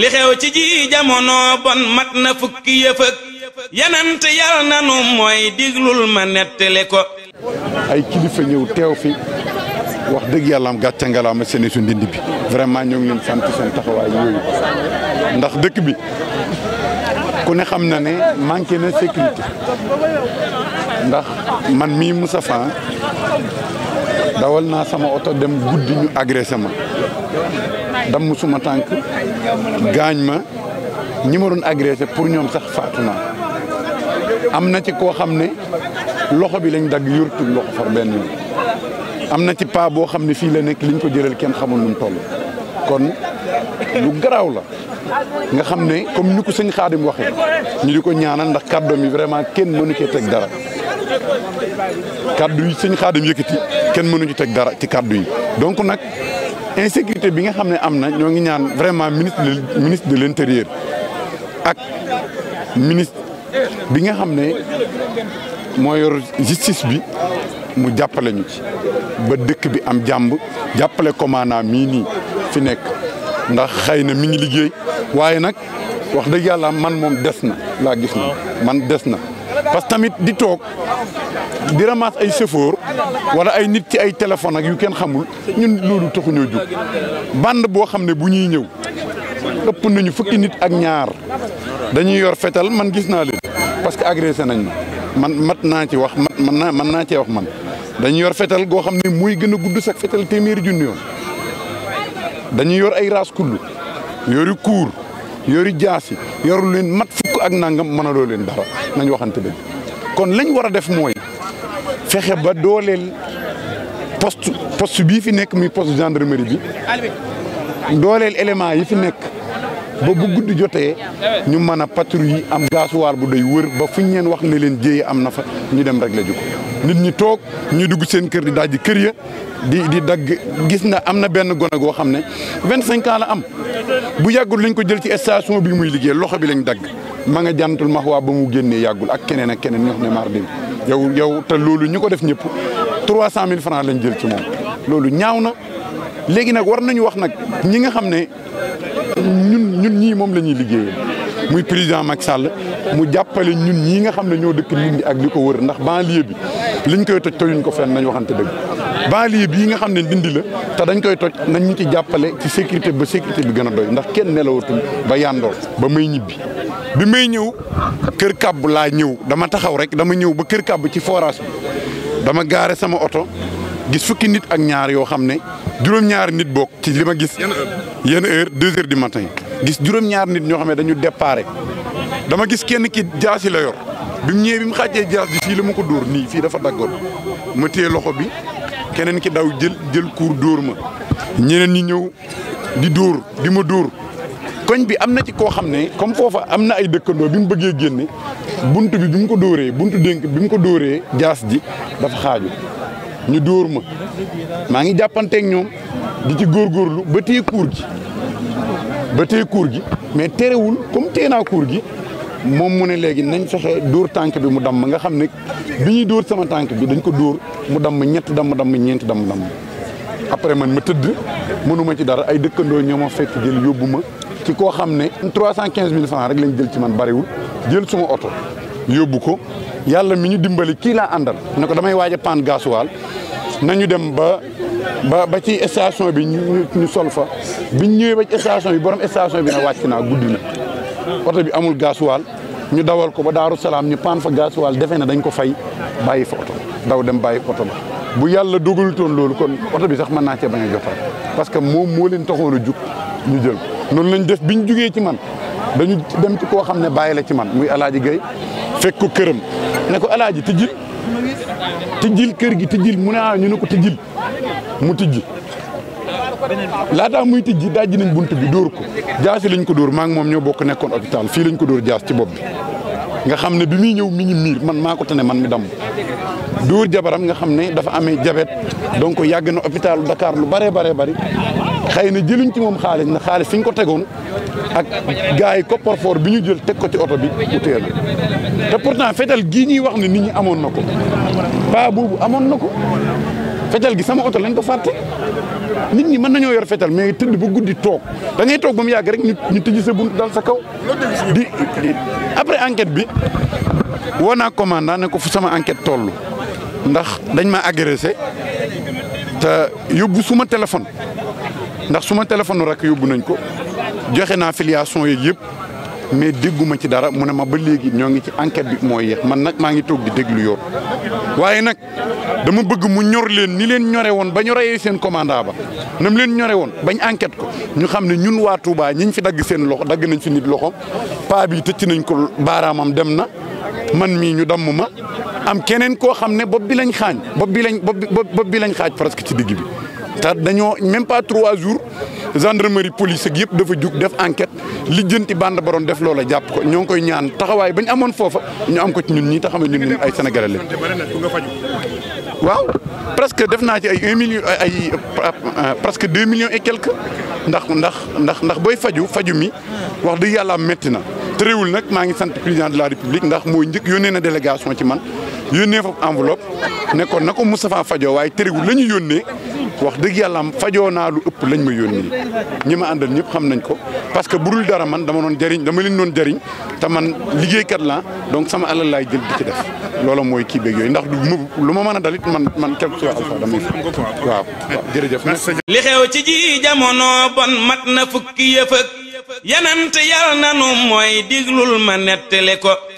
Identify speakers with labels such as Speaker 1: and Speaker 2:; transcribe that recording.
Speaker 1: li xew ci ji jamono bon mat na fukki yëfëg yanant yal nanu mooy diglul ma nettali ko ay kilifa ñëw teew fi wax dëgg yàllam am gàcce ngalaama seen su ndindi bi vraiment ñoo ngi leen sant seen taxawaay yooyu ndax dëkk bi ku ne xam na ne manqué na sécurité ndax man mii Moussa dawal naa sama oto dem guddi ñu agressé damm suma tànk gaañ ma ñi ma pour ñoom sax faatu naa am na ci koo xam ne loxo bi lañ dagg yurtu loxo far benn am na ci paa boo xam ne fii leen nekk liñ ko jëlal kenn xamul nu mu toll kon lu garaw la nga xam ne comme ni ko sëñ Xaadim waxee ñu di ko ñaanal ndax kàddoom yi vraiment kenn mënu cee teg dara kàddu yi sëñ Xaadim yëkkati kenn mënuñu teg dara ci kàddu yi donc nag insécurité bi nga xam ne am na ñoo ngi ñaan vraiment ministre de ministre de l'intérieur ak ministre bi nga xam ne moo yor justice bi mu jàppale ñu ci ba dëkk bi am jàmb jàppale commandant mii nii fi nekk ndax xëy na mi ngi liggéey waaye nag wax dëgg yàlla man moom des na laa gis na man des na parce tamit di toog di ay chauffeur wala ay nit ci ay téléphone ak yu kenn xamul ñun loolu taxu ñoo jóg bande boo xam ne bu ñuy ñëw ëpp nañu fukki nit ak ñaar dañuy yor fetal man gis naa leen parce que agressé nañ ma man mat naa ci wax mat man naa mën naa cee wax man dañuy yor fetal goo xam ne mooy gën a gudd sax fetal téeméeri junni yoon dañuy yor ay raas kullu yori kuur yori jaasi yoru leen mat fukk ak nangam mënaloo leen dara nañ waxante dëgg kon lañ war a def mooy fexe ba dooleel poste poste bii fi nekk muy poste gendarmerie bi dooleel élément yi fi nekk ba bu guddi jotee ñu man a patrouille am gaasuwaal bu doy wër ba fuñ leen wax ne leen jéeye am na fa ñu dem rek la jóg nit ñi toog ñu dugg seen kër di dajji kër ya di di dagg gis na am na benn gone goo xam ne vingt cinq la am bu yàggul lañ ko jël ci station bi muy liggéey loxo bi lañ dagg ma nga jantul max waa ba mu génnee yàggul ak keneen ak keneen ñoo xam ne maar dem yow yow te loolu ñu ko def ñëpp trois cent mille francs lañ jël ci moom loolu ñaaw na léegi nag war nañu wax nag ñi nga xam ne ñun ñun ñii moom la ñuy liggéeyee muy président Macky Sall mu jàppale ñun ñii nga xam ne ñoo dëkk Ndindy ak li ko wër ndax banlieue bi liñ koy toj tojuñ ko fenn nañ waxante dëgg banlieue bii nga xam ne dindi la te dañ koy toj nañ ñu ci jàppale ci sécurité ba sécurité bi gën a doy ndax kenn nelawatul ba yàndool ba may ñibbi bi may ñëw kër kàbb laa ñëw dama taxaw rek dama ñëw ba kër kàbb ci forage bi dama gaare sama oto gis fukki nit ak ñaar yoo xam ne juróom-ñaari nit book ci li ma gis yenn heure deux heures du matin gis juróom-ñaar nit ñoo xam ne dañu déparé dama gis kenn ki jaasi la yor bi mu ñëwee bi mu xàccee jaas ji fii la ma ko dóor nii fii dafa daggoon ma téye loxo bi keneen ki daw jël jël kuur dóor ma ñeneen ñi ñëw di dóor di ma dóor koñ bi am na ci koo xam ne comme foofa am na ay dëkkandoo bi mu bëggee génne bunt bi bi mu ko dóoree bunt dénk bi mu ko dóoree jaas ji dafa xaaju ñu dóor ma maa ngi jàppanteek ñoom di ci góorgóorlu ba téye kuur gi ba téye kuur gi mais terewul comme téye naa kuur gi moom mu ne léegi nañ fexe dóor tànk bi mu damm nga xam ne bi ñuy dóor sama tànk bi dañ ko dóor mu damm ñett damm damm ñeenti damm damm après man ma tëdd mënuma ci dara ay dëkkandoo ñoo ma fekk jël yóbbu ma ci koo xam ne trois cent quinze mille francs rek lañ jël ci man bariwul jël suma oto yóbbu ko yàlla mi ñu dimbali kii laa àndal ne ko damay waaj a paan gaasuwaal nañu dem ba ba ba ci station bi ñu sol fa biñ ñëwee ba ci station bi borom station bi na wàcc naa guddi na oto bi amul gaasuwaal ñu dawal ko ba Daaru Salaam ñu paan fa gaasuwaal defe ne dañ ko fay bàyyi fa oto daw dem bàyyi oto ba bu yàlla dogalutoon loolu kon oto bi sax mën naa cee bañ a jotaat parce que moom moo leen taxoon a jug ñu jël noonu lañ def bi ñu jugee ci man dañu dem ci koo xam ne bàyyi la ci man muy alaaji Gay fekk ko këram ne ko alaaji tijjil tijjil kër gi tijjil mu ne ah, ñu ne ko tijjil mu tijji laataa muy tijji dajji nañ bunt bi dóor ko jaasi lañ ko dóor maa ngi moom ñoo bokk nekkoon hôpital fii lañ ko dóor jaas ci bopp bi nga xam ne bi muy ñëw mi ngi man maa ko tane man mi damm dóor jabaram nga xam ne dafa amee jabet donc yàgg na hôpital Dakar lu bare bare bari xëy na jëluñ ci moom xaalis na xaalis fi ñu ko tegoon ak gars yi coffre bi ñu jël teg ko ci oto bi utee na te pourtant fetal gii ñuy wax ne nit ñi amoon na ko paa boobu amoon na ko fetal gi sama oto lañ ko fàtte nit ñi mën nañoo yor fetal mais tëdd ba guddi toog dangay toog ba mu yàgg rek ñu ñu tëj sa bunt dal sa kaw. di après enquête bi woo naa commandant ne ko fu sama enquête toll ndax dañ ma agressé te yóbbu suma téléphone ndax suma téléphone rak yóbbu nañ ko joxe naa filiation yeeg yëpp. mais dégguma ci dara mu ne ma ba léegi ñoo ngi ci enquête bi mooy yéex man nag maa ngi toog di déglu yoon waaye nag dama bëgg mu ñor leen ni leen ñore woon ba ñu reyee seen commandant ba nam leen ñore woon bañ enquête ko ñu xam ne ñun waa Touba ñu fi dagg seen loxo dagg nañ fi nit loxo paa bi tëcc nañ ko baaraamam dem na man mii ñu damm ma am keneen koo xam ne bopp bi lañ xaañ bopp bi lañ bopp bi lañ xaaj presque ci digg bi te dañoo même pas trois jours gendarmerie police ak yëpp dafa jug def enquête lijjanti bande ba def loola jàpp ko ñoo ngi koy ñaan taxawaay ba ñu amoon foofa ñu am ko ci ñun ñii te xam ne ñun ay sénégalais lañ. waaw presque def naa ci ay un million ay presque deux millions et quelque ndax ndax ndax ndax booy faju faju mi wax dëgg yàlla métti na. tëréwul nag maa ngi sant président de la république ndax mooy njëkk yónnee na délégation ci man yónnee fa enveloppe ne na ko Moustapha Fadio waaye tëréwul la ñu yónnee. wax dëgg yàlla am fajoo naa lu ëpp lañ ma yónni ñi ma àndal ñëpp xam nañ ko parce que bu dul dara man dama doon jëriñ dama leen doon jëriñ te man liggéeykat laa donc sama alal laay jël di ci def loola mooy kii beeg yooyu ndax lu ma mën a dalit man man quelque soit alfa waaw jërëjëf li xew ci jamono bon mat na fukki yëf ak yanant yàlla nanu mooy diglul ma nettali ko